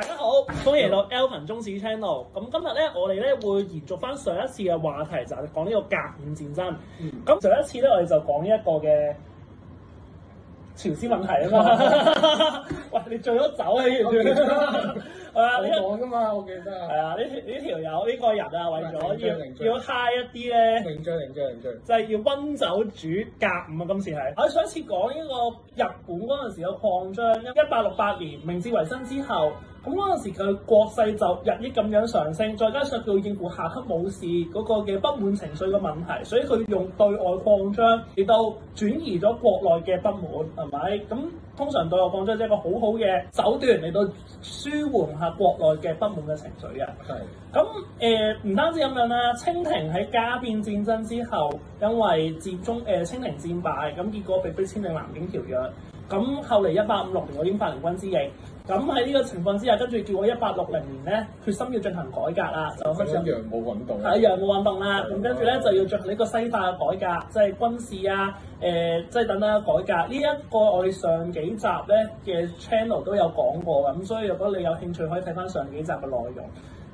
大家好，歡迎落 Alvin 中史 channel。咁今日咧，我哋咧會延續翻上一次嘅話題，就係講呢個甲午戰爭。咁上一次咧，我哋就講呢一個嘅朝鮮問題啊嘛。喂，你醉咗酒啊？係啊，你講噶嘛？我記得係啊，呢呢條友呢個人啊，為咗要要 high 一啲咧，領獎領獎領獎，就係要温酒煮甲午今次係。我上一次講呢個日本嗰陣時嘅擴張，一八六八年明治維新之後。咁嗰陣時佢國勢就日益咁樣上升，再加上佢應付下級武士嗰個嘅不滿情緒嘅問題，所以佢用對外擴張嚟到轉移咗國內嘅不滿，係咪？咁通常對外擴張即係一個好好嘅手段嚟到舒緩下國內嘅不滿嘅情緒嘅。係是。咁誒唔單止咁樣啦，清廷喺加殼戰爭之後，因為接中誒、呃、清廷戰敗，咁結果被迫簽訂《南京條約》。咁後嚟一八五六年我已英法聯軍之役，咁喺呢個情況之下，跟住叫我一八六零年咧，決心要進行改革啦，就洋務運動，係洋務運動啦。咁、啊、跟住咧就要進行呢個西化嘅改革，即、就、係、是、軍事啊，誒、呃，即、就、係、是、等等改革。呢、這、一個我哋上幾集咧嘅 channel 都有講過咁，所以如果你有興趣可以睇翻上幾集嘅內容。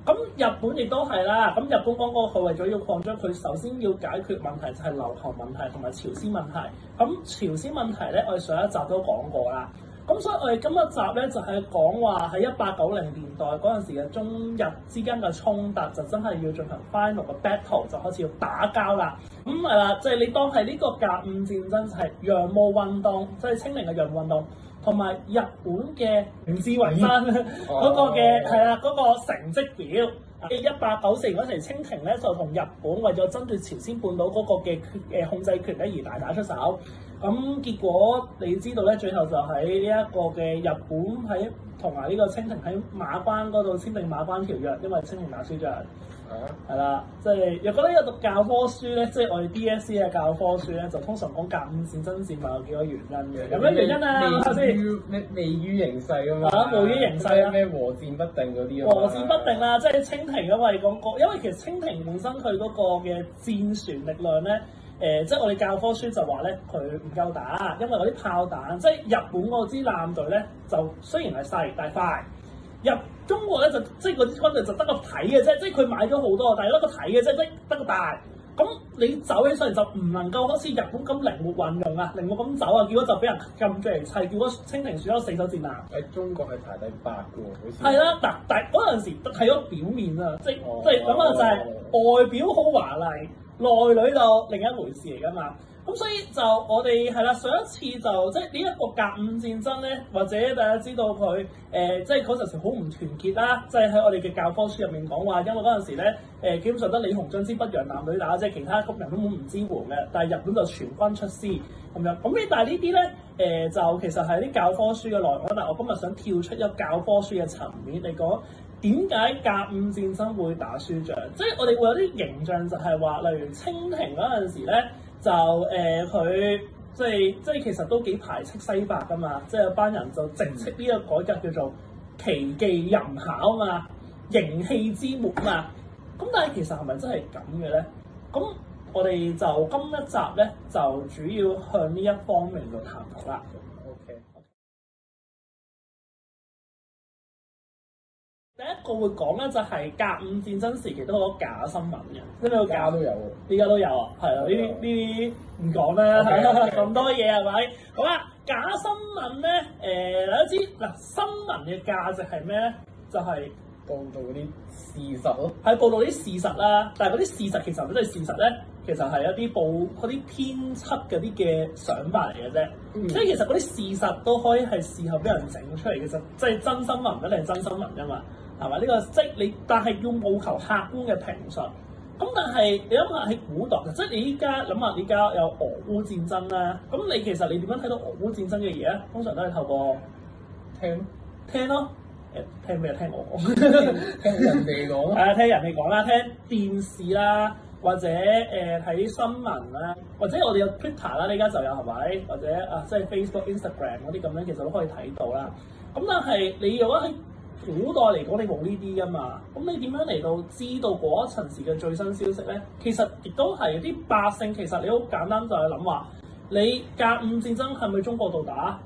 咁日本亦都係啦，咁日本講過佢為咗要擴張，佢首先要解決問題就係琉球問題同埋朝鮮問題。咁朝鮮問題咧，我哋上一集都講過啦。咁所以我哋今一集咧就係講話喺一八九零年代嗰陣時嘅中日之間嘅衝突就真係要進行 final 嘅 battle 就開始要打交啦。咁係啦，即係你當係呢個甲午戰爭係洋務運動，即、就、係、是、清廷嘅洋務運動。同埋日本嘅明治維新嗰個嘅係啦，嗰個成績表嘅一八九四年嗰時，清廷咧就同日本為咗爭奪朝鮮半島嗰個嘅嘅控制權咧而大打出手。咁結果你知道咧，最後就喺呢一個嘅日本喺同埋呢個清廷喺馬關嗰度簽訂馬關條約，因為清廷打輸咗。係啦、啊，即係又覺得有讀教科書咧，即係我哋 DSE 嘅教科書咧，嗯、就通常講甲午戰爭戰敗有幾多原因嘅？嗯、有咩原因啊？睇下先，未未於形勢啊嘛，冇、啊、於形勢啦，咩和戰不定嗰啲和戰不定啦，啊、即係清廷啊嘛、嗰個，你因為其實清廷本身佢嗰個嘅戰船力量咧，誒、呃，即係我哋教科書就話咧，佢唔夠打，因為嗰啲炮彈，即係日本嗰支艦，艦隊咧，就雖然係細，但係快。入中國咧就即係嗰啲軍隊就得個睇嘅啫，即係佢買咗好多，但係得個睇嘅啫，即得得個大。咁你走起上嚟就唔能夠好似日本咁靈活運用啊，靈活咁走啊，結果就俾人撳住嚟砌，結果清廷輸咗四手戰艦。喺中國係排第八嘅喎，好似係啦，但但嗰陣時睇咗表面啊，即即係咁啊，就係外表好華麗，哦、內裏就另一回事嚟噶嘛。咁所以就我哋係啦，上一次就即係呢一個甲午戰爭咧，或者大家知道佢誒、呃，即係嗰陣時好唔團結啦，即係喺我哋嘅教科書入面講話，因為嗰陣時咧誒、呃，基本上得李鴻章之北洋男女打，即係其他國人根本唔支援嘅。但係日本就全軍出師咁樣咁。但係呢啲咧誒，就其實係啲教科書嘅內容。但係我今日想跳出一教科書嘅層面嚟講，點解甲午戰爭會打輸仗？即係我哋會有啲形象就係話，例如清廷嗰陣時咧。就誒佢、呃、即係即係其實都幾排斥西伯噶嘛，即係有班人就直斥呢個改革、那個、叫做奇技淫巧啊嘛，形氣之末啊嘛，咁但係其實係咪真係咁嘅咧？咁我哋就今一集咧就主要向呢一方面度探討啦。第一個會講咧就係甲午戰爭時期都好多假新聞嘅，咩叫假都有？依家都有啊，係啊，呢啲呢啲唔講啦，咁多嘢係咪？好啦，假新聞咧，誒、呃，大家知嗱，新聞嘅價值係咩咧？就係、是、報道嗰啲事實咯，係報道啲事實啦、啊。但係嗰啲事實其實唔一定係事實咧，其實係一啲報嗰啲編輯嗰啲嘅想法嚟嘅啫。嗯、所以其實嗰啲事實都可以係事後俾人整出嚟，嘅啫即係真新聞一定係真新聞噶嘛。係嘛？呢、這個即係你，但係要務求客觀嘅評述。咁但係你諗下喺古代，即、就、係、是、你依家諗下，依家有俄烏戰爭啦、啊。咁你其實你點樣睇到俄烏戰爭嘅嘢咧？通常都係透過聽聽咯，誒聽咩？聽俄聽， 聽，聽人哋講。係 啊，聽人哋講啦，聽電視啦、啊，或者誒睇、呃、新聞啦、啊，或者我哋有 Twitter 啦、啊，依家就有係咪？或者啊，即、就、係、是、Facebook、Instagram 嗰啲咁樣，其實都可以睇到啦。咁但係你如果喺古代嚟講，你冇呢啲噶嘛？咁你點樣嚟到知道嗰一層時嘅最新消息咧？其實亦都係啲百姓。其實你好簡單就係諗話，你甲午戰爭係咪中國度打？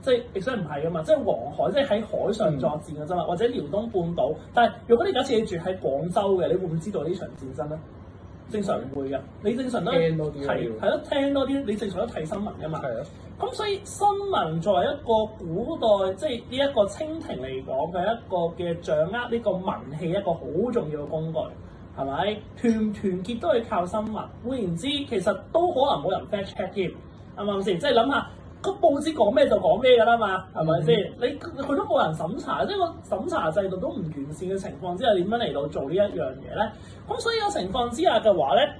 即係亦真唔係噶嘛？即係黃海，即係喺海上作戰噶啫嘛，嗯、或者遼東半島。但係如果你假設你住喺廣州嘅，你會唔會知道呢場戰爭咧？正常唔會嘅，你正常都咧睇係咯聽多啲，你正常都睇新聞噶嘛。咁係啊，所以新聞作為一個古代，即係呢一個清廷嚟講嘅一個嘅掌握呢、這個文氣一個好重要嘅工具，係咪團唔團結都係靠新聞，換言之其實都可能冇人 fetch check 添，係咪先？即係諗下。個報紙講咩就講咩㗎啦嘛，係咪先？Mm hmm. 你佢都冇人審查，即係個審查制度都唔完善嘅情況之下，點樣嚟到做一呢一樣嘢咧？咁所以個情況之下嘅話咧，誒、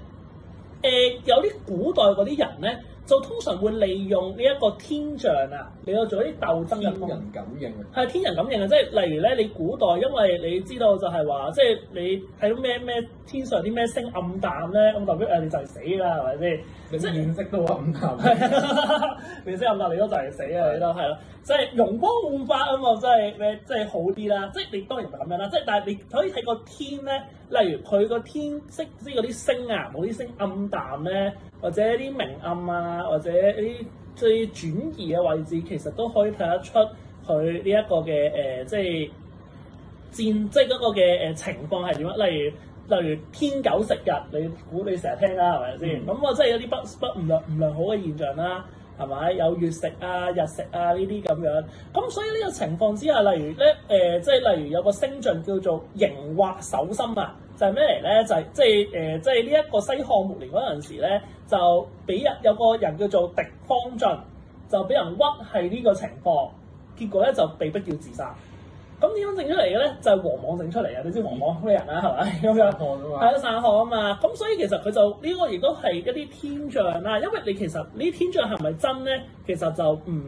呃、有啲古代嗰啲人咧。就通常會利用呢一個天象啊，你去做啲鬥爭嘅天人感應啊，係 天人感應啊，即係例如咧，你古代因為你知道就係話，即係你睇到咩咩天上啲咩星暗淡咧，咁代表誒你就係死啦，係咪先？即係面色都暗淡，面色 暗淡你都是 就係死啊，你都係咯，即係容光煥發啊嘛，即係咩即係好啲啦，即係你當然唔咁樣啦，即係但係你可以睇個天咧，例如佢個天色即係嗰啲星啊，某啲星暗淡咧。或者一啲明暗啊，或者一啲即係轉移嘅位置，其實都可以睇得出佢呢一個嘅誒、呃，即係戰即係嗰個嘅誒情況係點樣？例如例如天狗食日，你估你成日聽啦，係咪先？咁啊，即係有啲不不唔良唔良好嘅現象啦、啊，係咪？有月食啊、日食啊呢啲咁樣。咁所以呢個情況之下，例如咧誒、呃，即係例如有個星象叫做熒惑守心啊。就係咩嚟咧？就係即係誒，即係呢一個西漢末年嗰陣時咧，就俾人有個人叫做狄方進，就俾人屈係呢個情況，結果咧就被逼要自殺。咁點樣整出嚟嘅咧？就係、是、王莽整出嚟嘅，你知王莽咩人啦？係咪咁樣？係吧殺漢啊嘛！咁所以其實佢就呢、這個亦都係一啲天象啦。因為你其實呢啲天象係咪真咧？其實就唔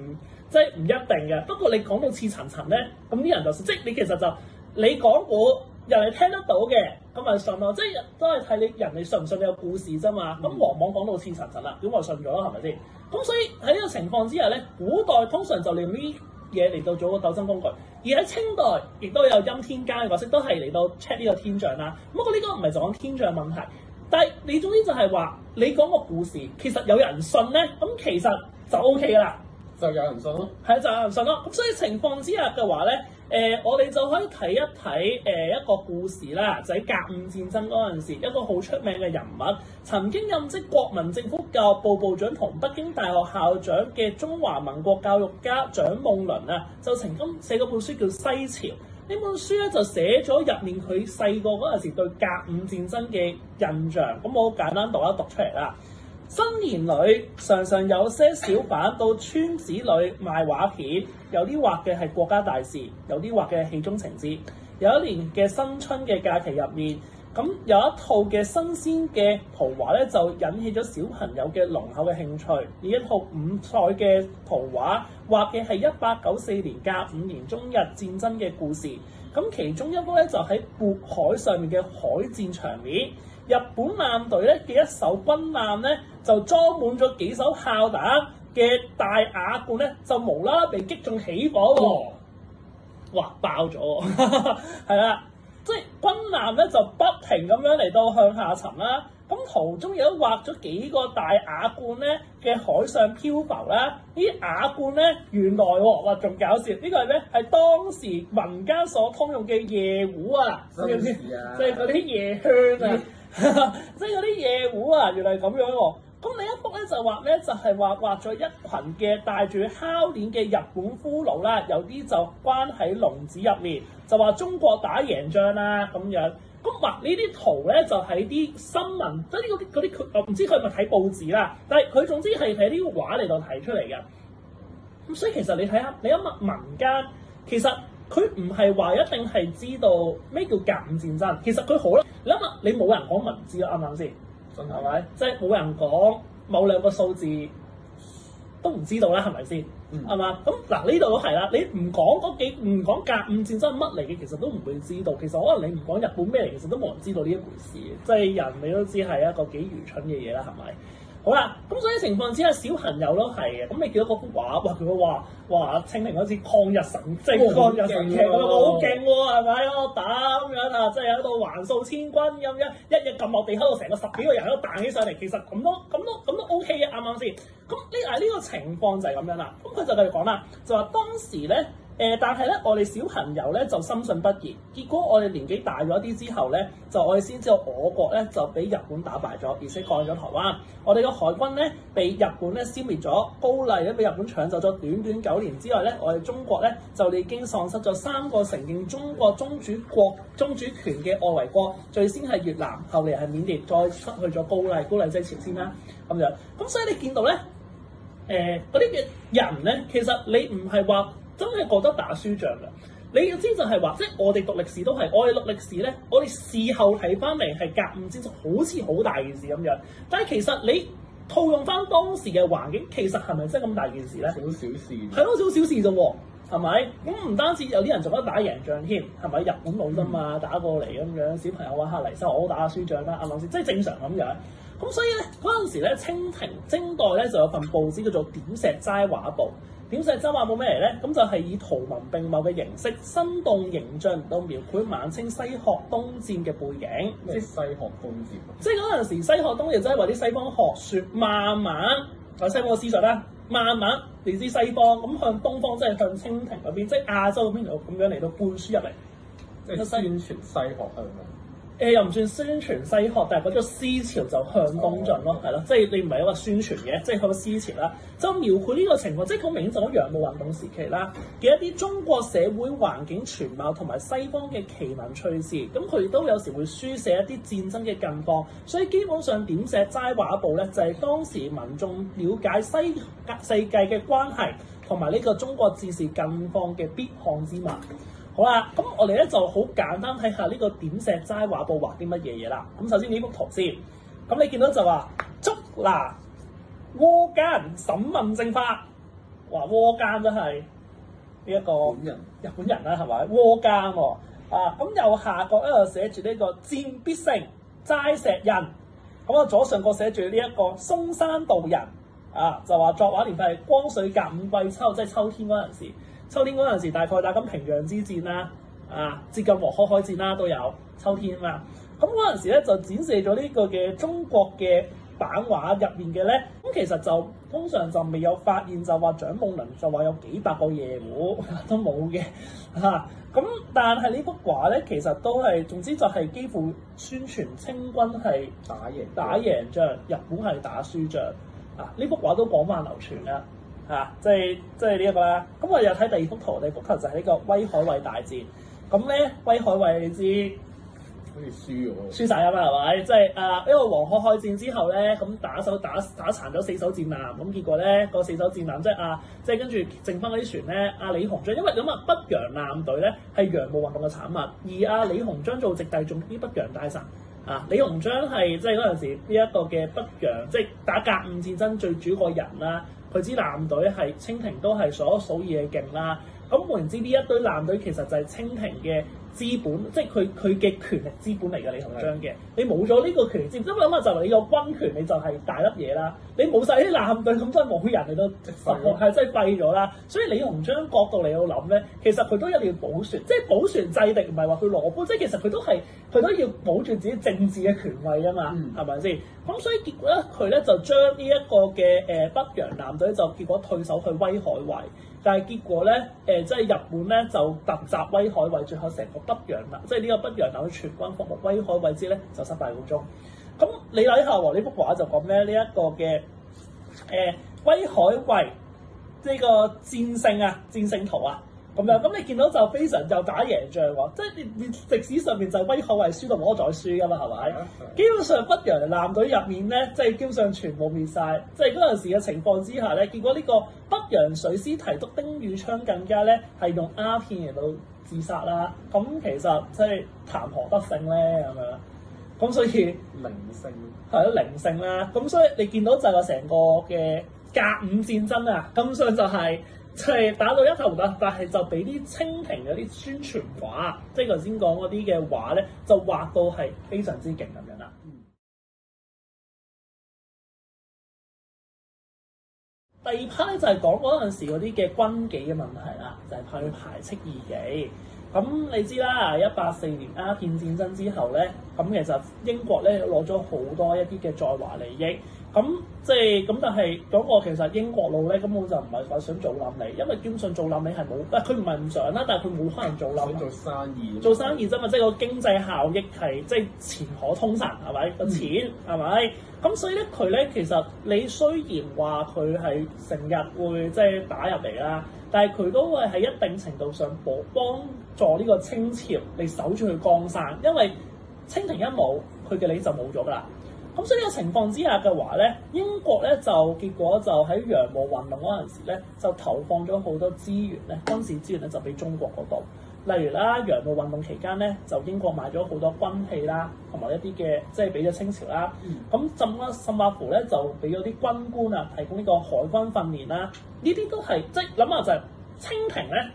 即係唔一定嘅。不過你講到似層層咧，咁啲人就是、即係你其實就你講過。人哋聽得到嘅，咁咪信咯，即係都係睇你人哋信唔信你個故事啫嘛。咁、嗯、往往講到似神神啦，點我信咗？係咪先？咁所以喺呢個情況之下咧，古代通常就利用呢啲嘢嚟到做個鬥爭工具。而喺清代，亦都有欽天監嘅角色，都係嚟到 check 呢個天象啦。不過呢個唔係講天象問題，但係你總之就係話你講個故事，其實有人信咧，咁其實就 O K 啦，就有人信咯。係，就有人信咯。咁所以情況之下嘅話咧。誒、呃，我哋就可以睇一睇誒、呃、一個故事啦，就喺甲午戰爭嗰陣時，一個好出名嘅人物，曾經任職國民政府教育部部長同北京大學校長嘅中華民國教育家蔣夢麟啊，就曾經寫過本書叫《西潮》。呢本書咧就寫咗入面佢細個嗰陣時對甲午戰爭嘅印象。咁我簡單讀一讀出嚟啦。新年裏，常常有些小販到村子裏賣畫片。有啲畫嘅係國家大事，有啲畫嘅戲中情節。有一年嘅新春嘅假期入面，咁有一套嘅新鮮嘅圖畫呢，就引起咗小朋友嘅濃厚嘅興趣。呢一套五彩嘅圖畫，畫，畫嘅係一八九四年甲午年中日戰爭嘅故事。咁其中一幅呢，就喺渤海上面嘅海戰場面，日本艦隊呢嘅一艘軍艦呢，就裝滿咗幾艘炮彈。嘅大瓦罐咧就無啦，啦被擊中起火喎、哦，劃爆咗喎，係 啦、啊，即、就、係、是、軍艦咧就不停咁樣嚟到向下沉啦、啊，咁途中有畫咗幾個大瓦罐咧嘅海上漂浮啦、啊，呢啲瓦罐咧原來喎、哦，話仲搞笑，呢個係咩？係當時民間所通用嘅夜壺啊，即係嗰啲夜圈啊，即係嗰啲夜壺啊，原來係咁樣喎、哦。咁你一幅咧就是、畫咧就係話畫咗一群嘅帶住烤鏈嘅日本俘虜啦，有啲就關喺籠子入面，就話中國打贏仗啦、啊、咁樣。咁畫呢啲圖咧就喺、是、啲新聞，即係呢個啲佢我唔知佢係咪睇報紙啦，但係佢總之係喺呢個畫嚟度提出嚟嘅。咁所以其實你睇下，你一民民間其實佢唔係話一定係知道咩叫甲午戰爭，其實佢好啦，你諗下你冇人講文字啊，啱唔啱先？係咪？嗯、即係冇人講某兩個數字都唔知道啦，係咪先？係嘛、嗯？咁嗱、嗯，呢度都係啦。你唔講嗰幾唔講甲午戰爭係乜嚟嘅，其實都唔會知道。其實可能你唔講日本咩嚟，其實都冇人知道呢一回事嘅、嗯、即係人，你都知係一個幾愚蠢嘅嘢啦，係咪？好啦，咁所以情況之下，小朋友咯係嘅，咁你見到幅畫，哇！佢話話清明嗰次抗日神劇，哇抗日神劇好勁喎，係咪咯？哦、打咁樣啊，即係喺度橫掃千軍咁樣，一日撳落地，喺度成個十幾個人都彈起上嚟，其實咁都，咁都，咁都 OK 嘅，啱啱先？咁呢啊呢個情況就係咁樣啦。咁佢就繼續講啦，就話當時咧。誒、呃，但係咧，我哋小朋友咧就深信不疑。結果我哋年紀大咗啲之後咧，就我哋先知道我國咧就俾日本打敗咗，而且割咗台灣。我哋個海軍咧被日本咧消滅咗，高麗咧俾日本搶走咗。短短九年之外咧，我哋中國咧就已經喪失咗三個承認中國宗主國宗主權嘅外圍國。最先係越南，後嚟係緬甸，再失去咗高麗。高麗即係朝鮮啦咁樣。咁所以你見到咧，誒嗰啲人咧，其實你唔係話。真係覺得打輸仗嘅，你要知就係話，即係我哋讀歷史都係，我哋讀歷史咧，我哋事後睇翻嚟係甲唔知好似好大件事咁樣，但係其實你套用翻當時嘅環境，其實係咪真係咁大件事咧？好小事，係好少小事啫喎，係咪？咁唔單止有啲人做得打贏仗添，係咪？日本佬啫嘛，嗯、打過嚟咁樣，小朋友玩黑嚟，收我都打輸仗啦，阿老啱即係正常咁樣。咁所以咧，嗰陣時咧，清廷徵代咧就有份報紙叫做《點石齋畫報》。點石齋畫報冇咩嚟咧？咁就係、是、以圖文並茂嘅形式，生動形象嚟到描繪晚清西學東漸嘅背景。即西學東漸，即嗰陣時西學東漸即係話啲西方學說慢慢喺西方嘅思想啦，慢慢嚟至西方咁向東方，即係向清廷嗰邊，即係亞洲嗰邊度咁樣嚟到灌輸入嚟，即係宣傳西學係誒、呃、又唔算宣傳西學，但係嗰個思潮就向東進咯，係咯，即係你唔係一個宣傳嘅，即係嗰個思潮啦，就描繪呢個情況，即係佢明就咗洋務運動時期啦嘅一啲中國社會環境全貌，同埋西方嘅奇聞趣事，咁佢都有時會書寫一啲戰爭嘅近況，所以基本上點石齋畫報咧就係、是、當時民眾了解西世界嘅關係，同埋呢個中國戰事近況嘅必看之物。好啦，咁我哋咧就好簡單睇下呢個點石齋畫報畫啲乜嘢嘢啦。咁首先呢幅圖先，咁你見到就話捉拿、倭奸審問正法，話倭奸真係呢一個日本人啦，係咪、啊、倭奸、哦？啊，咁右下角咧就寫住呢、呢個戰必勝齋石印，咁啊左上角寫住呢一個嵩山道人，啊就話作畫年代係光緒甲午季秋，即、就、係、係、秋天嗰陣時。秋天嗰陣時，大概打緊平壤之戰啦，啊，接近黃海海戰啦都有秋天嘛。咁嗰陣時咧就展示咗呢個嘅中國嘅版畫入面嘅咧，咁、嗯、其實就通常就未有發現就話蔣夢麟就話有幾百個夜壺都冇嘅嚇。咁、啊、但係呢幅畫咧其實都係，總之就係幾乎宣傳清軍係打贏打贏仗，日本係打輸仗。啊，呢幅畫都廣泛流傳啦。吓、啊，即係即係呢一個啦。咁我又睇第二幅圖，第二幅圖就係呢個威海衛大戰，okay。咁咧，right？威海衛，你知好似輸咗，輸曬咁啦係咪？即係啊，因為黃海海戰之後咧，咁打手打打殘咗四艘戰艦，咁結果咧個四艘戰艦即係啊，即係跟住剩翻嗰啲船咧，阿李鴻章，因為咁啊，北洋艦隊咧係洋務運動嘅產物，而阿李鴻章做直隸仲比北洋大臣啊。李鴻章係即係嗰陣時呢一個嘅北洋，即係打甲午戰爭最主個人啦。佢支艦隊係清廷都係數一數二嘅勁啦、啊，咁換言之呢一隊艦隊其實就係清廷嘅。資本即係佢、佢嘅權力資本嚟嘅。李鴻章嘅，是的 你冇咗呢個權力資本，的你即係諗下，就你有軍權，你就係大粒嘢啦。你冇曬啲艦隊，咁真係冇人你都直手，係真係廢咗啦。所以李鴻章角度嚟到諗咧，其實佢都一定要保全，即係保全制敵，唔係話佢裸奔。即係其實佢都係佢，嗯、都要保住自己政治嘅權位啊嘛，係咪先？咁所以結果咧，佢咧就將呢一個嘅、誒北洋艦隊就結果退守去威海衛。但係結果咧，誒、呃、即係日本咧就突襲威海衛，最後成個北洋艦，即係呢個北洋艦全軍覆沒。威海衛之咧就失敗告終。咁你海下，王呢幅畫就講咩？呢一個嘅誒威海衛呢個戰勝啊，戰勝圖啊。咁樣，咁你見到就非常就打贏仗喎，即係你你歷史上面就威海衛輸到無可再輸噶嘛，係咪？基本上北洋艦隊入面咧，即係基本上全部滅晒。即係嗰陣時嘅情況之下咧，結果呢個北洋水師提督丁汝昌更加咧係用鴉片嚟到自殺勝啦。咁其實即係談何不勝咧咁樣。咁所以零勝係咯，零勝啦。咁所以你見到就係成個嘅甲午戰爭啊，基本上就係。就係打到一頭白，但係就俾啲清廷嗰啲宣傳畫，即係頭先講嗰啲嘅畫咧，就畫到係非常之勁咁樣啦。嗯、第二 part 咧就係講嗰陣時嗰啲嘅軍紀嘅問題啦，就係、是、去排斥異己。咁你知啦，一八四年鴉片、啊、戰爭之後咧，咁其實英國咧攞咗好多一啲嘅在華利益。咁即係咁，但係嗰個其實英國佬咧，根本就唔係話想做冧你，因為堅信做冧你係冇，但佢唔係唔想啦，但係佢冇可能做冧。做生意。做生意啫嘛，即係個經濟效益係即係錢可通神，係咪？個錢，係咪？咁所以咧佢咧其實你雖然話佢係成日會即係、就是、打入嚟啦，但係佢都會喺一定程度上幫助呢個清朝嚟守住佢江山，因為清廷一冇，佢嘅利就冇咗噶啦。咁所以呢個情況之下嘅話咧，英國咧就結果就喺洋務運動嗰陣時咧，就投放咗好多資源咧，軍事資源咧就俾中國嗰度。例如啦，洋務運動期間咧，就英國買咗好多軍器啦，同埋一啲嘅即係俾咗清朝啦。咁浸啊，甚至乎咧就俾咗啲軍官啊提供呢個海軍訓練啦、啊。就是、呢啲都係即係諗下就係清廷咧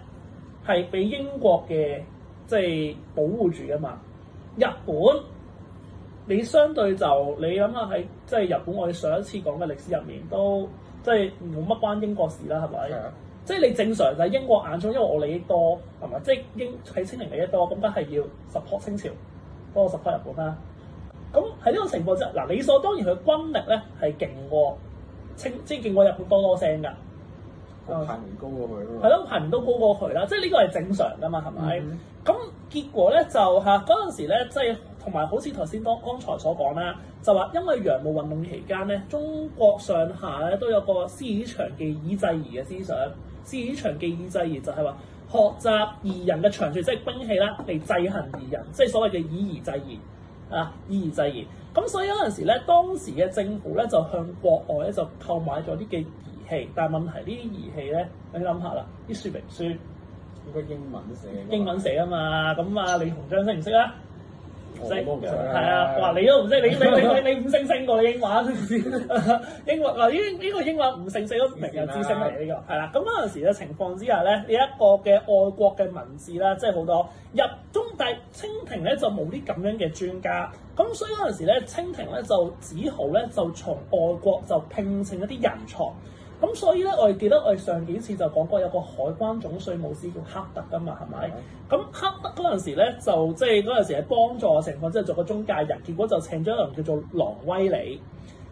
係俾英國嘅即係保護住㗎嘛，日本。你相對就你諗下喺即係日本，我哋上一次講嘅歷史入面都即係冇乜關英國事啦，係咪？即係你正常就係英國眼中，因為我利益多係咪？即係英喺清廷利益多，咁梗係要 support 清朝多 support 日本啦。咁喺呢個情況之下，嗱理所當然佢軍力咧係勁過清，即係勁過日本多多聲㗎。排名高過佢係咯，排名都高過佢啦，即係呢個係正常㗎嘛，係咪？咁結果咧就嚇嗰陣時咧即係。同埋好似頭先當剛才所講啦，就話因為洋務運動期間咧，中國上下咧都有個師夷長技以制夷嘅思想。師夷長技以制夷就係話學習夷人嘅長處，即係兵器啦，嚟制衡夷人，即係所謂嘅以夷制夷啊，以夷制夷。咁所以嗰陣時咧，當時嘅政府咧就向國外咧就購買咗啲嘅儀器，但係問題呢啲儀器咧，你諗下啦，啲說明書應該英文寫，英文寫啊嘛。咁啊，李鴻章識唔識啊？唔識，係啊！話你都唔識，你你你你你五星星過你英文，英文嗱呢呢個英文五星星都名係有知識嚟呢個。係、啊、啦，咁嗰陣時嘅情況之下咧，呢、這、一個嘅外國嘅文字啦，即係好多入中，大清廷咧就冇啲咁樣嘅專家，咁所以嗰陣時咧，清廷咧就只好咧就從外國就聘請一啲人才。咁所以咧，我哋記得我哋上幾次就講過有個海關總稅務司叫克特噶嘛，係咪？咁克 特嗰陣時咧，就即係嗰陣時係幫助我情況之後做個中介人，結果就請咗一人叫做郎威尼。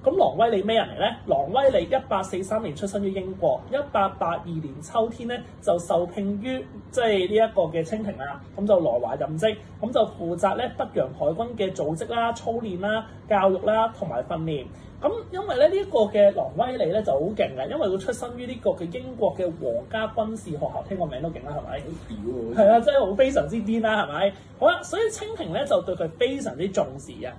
咁狼威利咩人嚟咧？狼威利一八四三年出生於英國，一八八二年秋天咧就受聘於即係呢一個嘅清廷啦，咁就來華任職，咁就負責咧北洋海軍嘅組織啦、操練啦、教育啦同埋訓練。咁因為咧呢一個嘅狼威利咧就好勁嘅，因為佢出身於呢個嘅英國嘅皇家軍事學校，聽個名都勁啦，係咪？好屌喎！係啊，真係好非常之癲啦，係咪？好啦，所以清廷咧就對佢非常之重視嘅。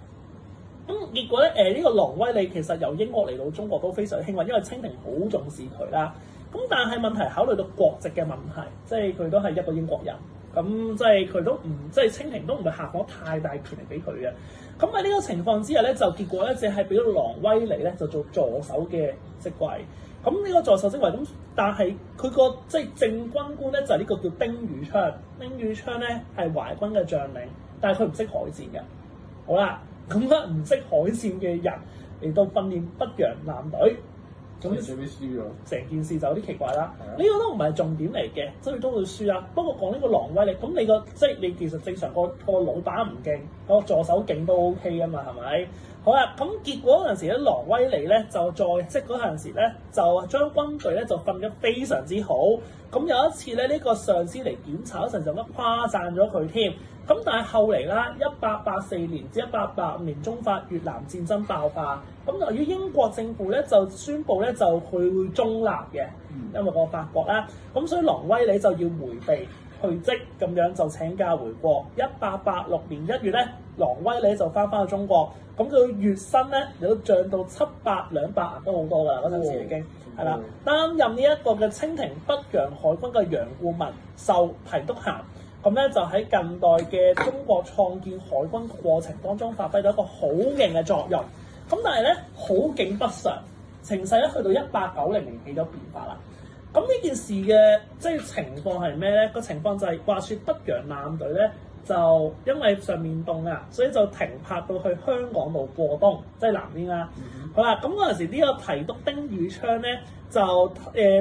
咁結果咧，誒、呃、呢、這個琅威理其實由英國嚟到中國都非常幸運，因為清廷好重視佢啦。咁但係問題考慮到國籍嘅問題，即係佢都係一個英國人，咁即係佢都唔，即係清廷都唔係下放太大權力俾佢嘅。咁喺呢個情況之下咧，就結果咧，只係俾咗琅威理咧就做助手嘅職位。咁呢個助手職位，咁但係佢個即係正軍官咧就係呢個叫丁汝昌。丁汝昌咧係淮軍嘅將領，但係佢唔識海戰嘅。好啦。咁啦，唔識海戰嘅人嚟到訓練北洋艦隊，咁就未必輸。成件事就有啲奇怪啦。呢、呢個都唔係重點嚟嘅，所以都會輸啦、啊。不過講呢個狼威力，咁你個即係你其實正常個個老闆唔勁，個助手勁都 OK 啊嘛，係咪？好啦、啊，咁結果嗰陣時咧，羅威尼咧就在即係嗰陣時咧就將軍隊咧就瞓得非常之好。咁有一次咧，呢、呢個上司嚟檢查嗰陣就咁誇讚咗佢添。咁但係後嚟啦，一八八四年至一八八五年中法越南戰爭爆發。咁由於英國政府咧就宣布咧就佢會中立嘅，因為個法國啦。咁所以羅威尼就要迴避去職，咁樣就請假回國。一八八六年一月咧。郎威咧就翻返去中國，咁佢月薪咧亦都漲到七百兩百，都好多噶啦，嗰陣時已經係啦。擔、嗯、任呢一個嘅清廷北洋海軍嘅洋顧問，受提督銜，咁咧就喺近代嘅中國創建海軍過程當中發揮咗一個好勁嘅作用。咁但係咧好景不常，情勢咧去到一八九零年起咗變化啦。咁呢件事嘅即係情況係咩咧？個情況就係、是、話説北洋艦隊咧。就因為上面凍啊，所以就停泊到去香港度過冬，即、就、係、是、南邊啦。Mm hmm. 好啦，咁嗰陣時呢個提督丁汝昌咧，就誒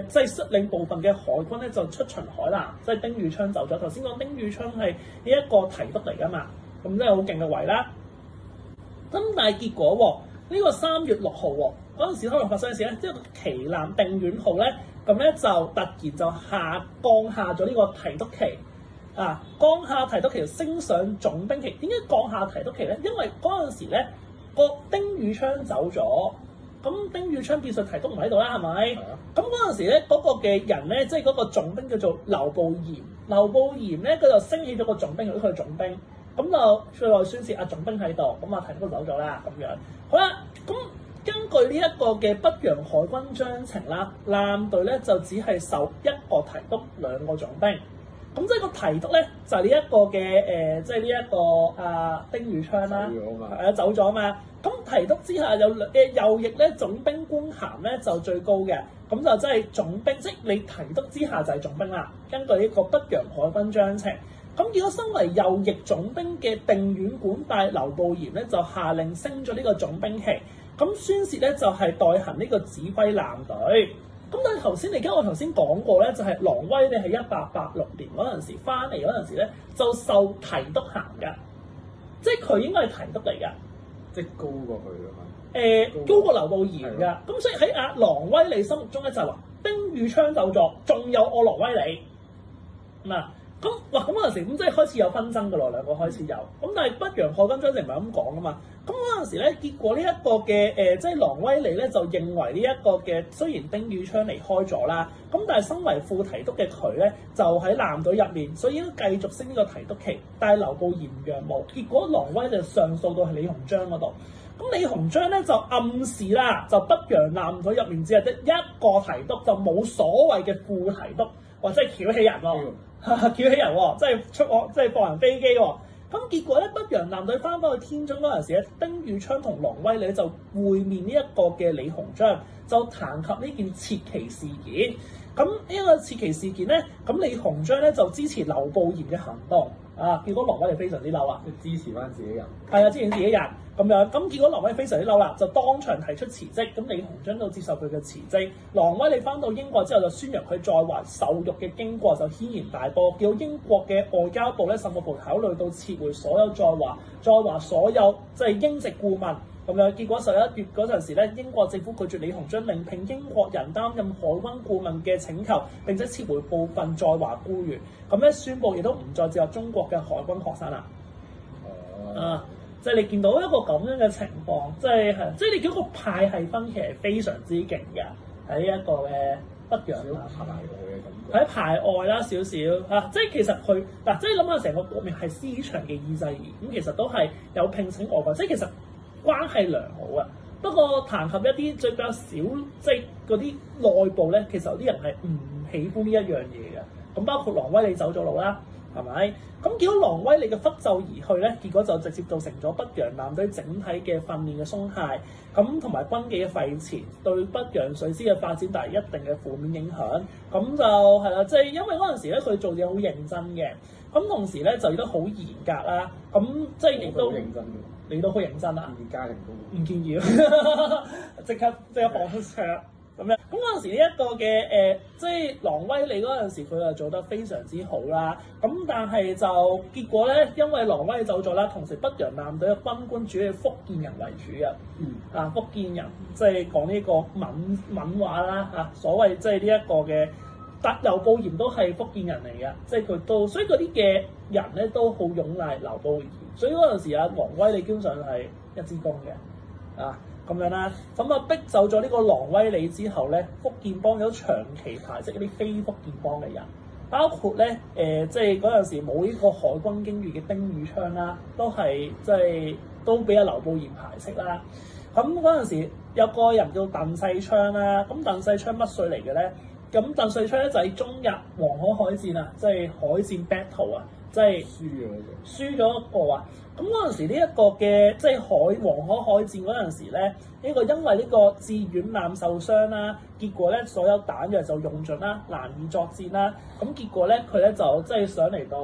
即係率領部分嘅海軍咧，就出巡海南。即、就、係、是、丁汝昌走咗。頭先講丁汝昌係呢一個提督嚟㗎嘛，咁真係好勁嘅位啦。咁但係結果喎，呢、這個三月六號喎，嗰陣時可能發生嘅事咧，即、就、係、是、個旗艦定遠號咧，咁咧就突然就下降下咗呢個提督旗。啊，降下提督旗就升上總兵旗。點解降下提督旗咧？因為嗰陣時咧，個丁汝昌走咗，咁丁汝昌變相提督唔喺度啦，係咪？咁嗰陣時咧，嗰、嗰個嘅人咧，即係嗰個總兵叫做劉步炎，劉步炎咧，佢就升起咗個總兵，佢佢係總兵，咁就最後宣示阿總兵喺度，咁啊提督走咗啦，咁樣好啦。咁根據呢一個嘅北洋海軍章程啦，艦隊咧就只係受一個提督，兩個總兵。咁即係個提督咧，就係呢一個嘅誒，即係呢一個、呃、丁啊丁汝昌啦，係啊走咗啊嘛。咁、啊、提督之下有兩右翼咧，總兵官銜咧就最高嘅，咁就即係總兵，即、就、係、是、你提督之下就係總兵啦。根據呢個北洋海軍章程，咁如果身為右翼總兵嘅定遠管帶劉步蟾咧，就下令升咗呢個總兵旗，咁宣示咧就係、是、代行呢個指揮艦隊。咁但係頭先你而家我頭先講過咧，就係、是、琅威理係一八八六年嗰陣時翻嚟嗰陣時咧，就受提督行噶，即係佢應該係提督嚟噶，即係高過佢噶嘛？誒、欸，高過劉步蟾噶，咁的所以喺阿琅威理心目中咧就話，丁汝昌就作，仲有我琅威理，嗱、嗯。咁哇，咁嗰陣時咁即係開始有紛爭噶咯，兩個開始有咁。但係北洋海軍章程就唔係咁講噶嘛？咁嗰陣時咧，結果呢一個嘅誒，即、呃、係、就是、琅威理咧，就認為呢一個嘅雖然丁汝昌離開咗啦，咁但係身為副提督嘅佢咧就喺艦隊入面，所以都繼續升呢個提督旗，但係劉步蟾薊帽。結果琅威就上訴到係李鴻章嗰度，咁李鴻章咧就暗示啦，就北洋艦隊入面只係得一個提督，就冇所謂嘅副提督，或者係翹起人咯。 啊、叫起人喎、哦，即係出殼，即係放人飛機喎、哦。咁、啊、結果咧，北洋艦隊翻返去天津嗰陣時咧，丁汝昌同郎威利就會面呢一個嘅李鴻章，就談及呢件撤旗事件。咁、啊、呢個撤旗事件咧，咁李鴻章咧就支持劉步言嘅行動。啊，結果郎威就非常之嬲啊，即支持翻自己人，係啊，支持自己人。咁樣咁結果，郎威非常之嬲啦，就當場提出辭職。咁李鴻章都接受佢嘅辭職。郎威你返到英國之後，就宣揚佢在華受辱嘅經過，就軒然大波，叫英國嘅外交部咧、十核部考慮到撤回所有在華、在華所有即係、就是、英籍顧問咁樣。結果十一月嗰陣時咧，英國政府拒絕李鴻章另聘英國人擔任海軍顧問嘅請求，並且撤回部分在華僱員。咁咧，宣布亦都唔再接受中國嘅海軍學生啦。啊、嗯！即係你見到一個咁樣嘅情況，即係係，即、就、係、是、你嗰個派系分歧係非常之勁嘅，喺一個嘅北洋喺排外啦少少吓，即係其實佢嗱、啊，即係諗下成個國民係市場嘅意識，咁、嗯、其實都係有聘請外國，即係其實關係良好嘅。不過談及一啲最比較少，即係嗰啲內部咧，其實有啲人係唔喜歡呢一樣嘢嘅。咁包括郎威你走咗路啦。係咪？咁結果琅威理嘅拂袖而去咧，結果就直接造成咗北洋艦隊整體嘅訓練嘅鬆懈，咁同埋軍紀嘅廢弛，對北洋水師嘅發展帶嚟一定嘅負面影響。咁就係啦，即係、就是、因為嗰陣時咧，佢做嘢好認真嘅，咁同時咧就亦都好嚴格啦。咁即係亦都，認真你都好認真啦、啊。唔、啊、建議家唔建議，即 刻即刻放出。咁樣，咁嗰陣時呢一個嘅誒、呃，即係琅威理嗰陣時，佢又做得非常之好啦。咁、嗯、但係就結果咧，因為琅威走咗啦，同時北洋艦隊嘅軍官主要係福建人為主嘅，嗯啊，福建人即係、就是、講呢一個閩閩話啦，啊，所謂即係呢一個嘅，特劉步蟾都係福建人嚟嘅，即係佢都，所以嗰啲嘅人咧都好擁賴劉步蟾，所以嗰陣時啊，琅威理基本上係一支公嘅，啊。咁樣啦，咁啊逼走咗呢個琅威理之後咧，福建幫有長期排斥一啲非福建幫嘅人，包括咧誒，即係嗰陣時冇呢個海軍經驗嘅丁汝昌啦、啊，都係即係都俾阿劉步蟾排斥啦。咁嗰陣時有個人叫鄧世昌啦、啊，咁鄧世昌乜水嚟嘅咧？咁鄧世昌咧就喺中日黃海海戰啊，即係海戰 battle 啊。即係輸咗，輸咗個話。咁嗰陣時呢一個嘅即係海黃海海戰嗰陣時咧，呢、這個因為呢個致遠艦受傷啦，結果咧所有彈藥就用盡啦，難以作戰啦。咁結果咧佢咧就即係、就是、上嚟到，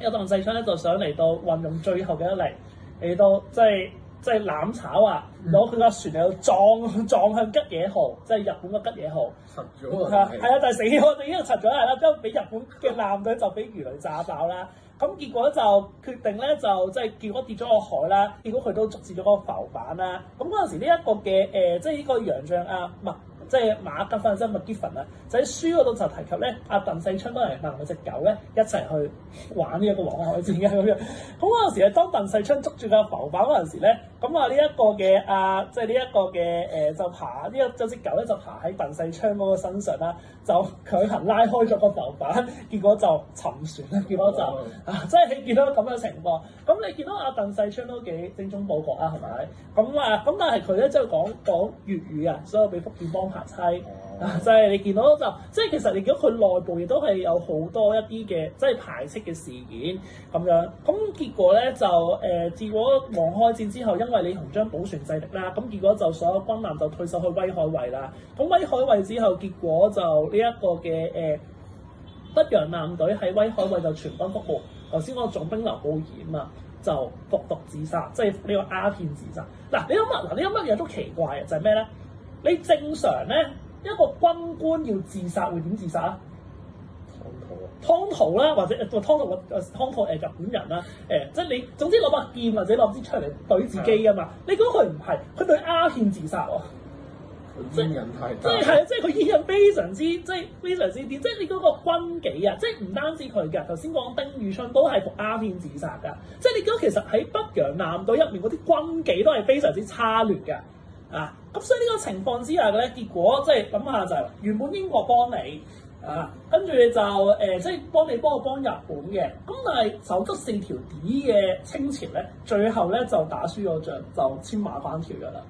有鄧世昌咧就上嚟到運用最後嘅一嚟嚟到即係。就是就係攬炒啊！攞佢架船嚟度撞撞向吉野號，即係日本個吉野號，沉咗啊！係啊，就係死咗我哋已經沉咗係啦，之後俾日本嘅艦隊就俾魚雷炸爆啦。咁結果就決定咧，就即係結果跌咗個海啦。結果佢都捉住咗個浮板啦。咁嗰陣時呢一個嘅誒，即係呢個洋將阿麥，即係馬吉芬身係麥基芬啊，就喺書嗰度就提及咧，阿鄧世昌都人扮佢隻狗咧，一齊去玩呢一個黃海戰嘅咁樣。咁嗰陣時係當鄧世昌捉住個浮板嗰陣時咧。咁、嗯、啊，呢、這、一個嘅啊，即係呢一個嘅誒、呃，就爬、這個就是、呢一隻狗咧，就爬喺鄧世昌嗰個身上啦，就佢行拉開咗個浮板，結果就沉船啦，結果就啊，即係、嗯、你見到咁嘅情況。咁你見到阿鄧世昌都幾精忠報國啊，係咪？咁、嗯、啊，咁、嗯、但係佢咧即係講講粵語啊，所以俾福建幫客蝦，即、嗯、係你見到就，即係其實你見到佢內部亦都係有好多一啲嘅即係排斥嘅事件咁樣。咁結果咧就誒，結果黃海、呃、開戰之後因因為李鴻章保存勢力啦，咁結果就所有軍艦就退守去威海衛啦。咁威海衛之後，結果就呢一個嘅誒、北、呃、洋艦隊喺威海衛就全軍覆沒。頭先嗰總兵劉步蟾啊，就服毒、毒自殺，即係呢個鴉片自殺。嗱、啊，你諗下，嗱，你諗乜嘢都奇怪嘅，就係咩咧？你正常咧，一個軍官要自殺會點自殺啊？湯塗啦，或者誒湯塗個日本人啦，誒、呃、即係你總之攞把劍或者攞支槍嚟懟自己啊嘛！你估佢唔係，佢對鴉片自殺喎、啊。伊人，人太即係即係佢伊人非常之即係非常之癲，即係你嗰個軍紀啊！即係唔單止佢噶，頭先講丁汝昌都係服鴉片自殺噶，即係你估其實喺北洋艦隊入面嗰啲軍紀都係非常之差劣噶啊！咁所以呢個情況之下嘅咧，結果即係諗下就係、是、原本英國幫你。啊，跟住就誒、呃，即係幫你幫我幫日本嘅，咁但係就得四條底嘅清朝咧，最後咧就打輸咗仗，就簽馬關條約啦。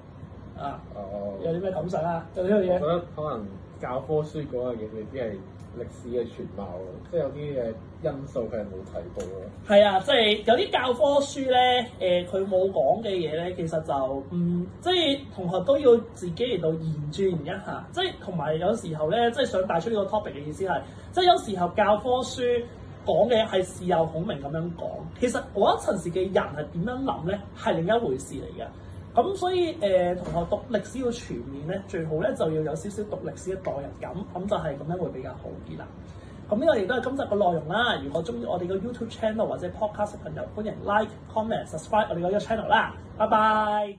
啊，呃、有啲咩感想啊？有啲乜嘢？我覺得可能教科書嗰個嘢你必係歷史嘅全貌即係有啲嘅因素佢係冇睇到咯。係啊，即係有啲教科書咧，誒佢冇講嘅嘢咧，其實就嗯，即係同學都要自己嚟到研鑽一下。即係同埋有時候咧，即係想帶出呢個 topic 嘅意思係，即係有時候教科書講嘅係事有孔明咁樣講，其實嗰一陣時嘅人係點樣諗咧，係另一回事嚟嘅。咁所以誒、呃、同學讀歷史要全面咧，最好咧就要有少少讀歷史嘅代入感，咁就係咁樣會比較好啲啦。咁呢個亦都係今集嘅內容啦。如果中意我哋嘅 YouTube channel 或者 podcast 嘅朋友，歡迎 like、comment、subscribe 我哋嘅 YouTube channel 啦。拜拜。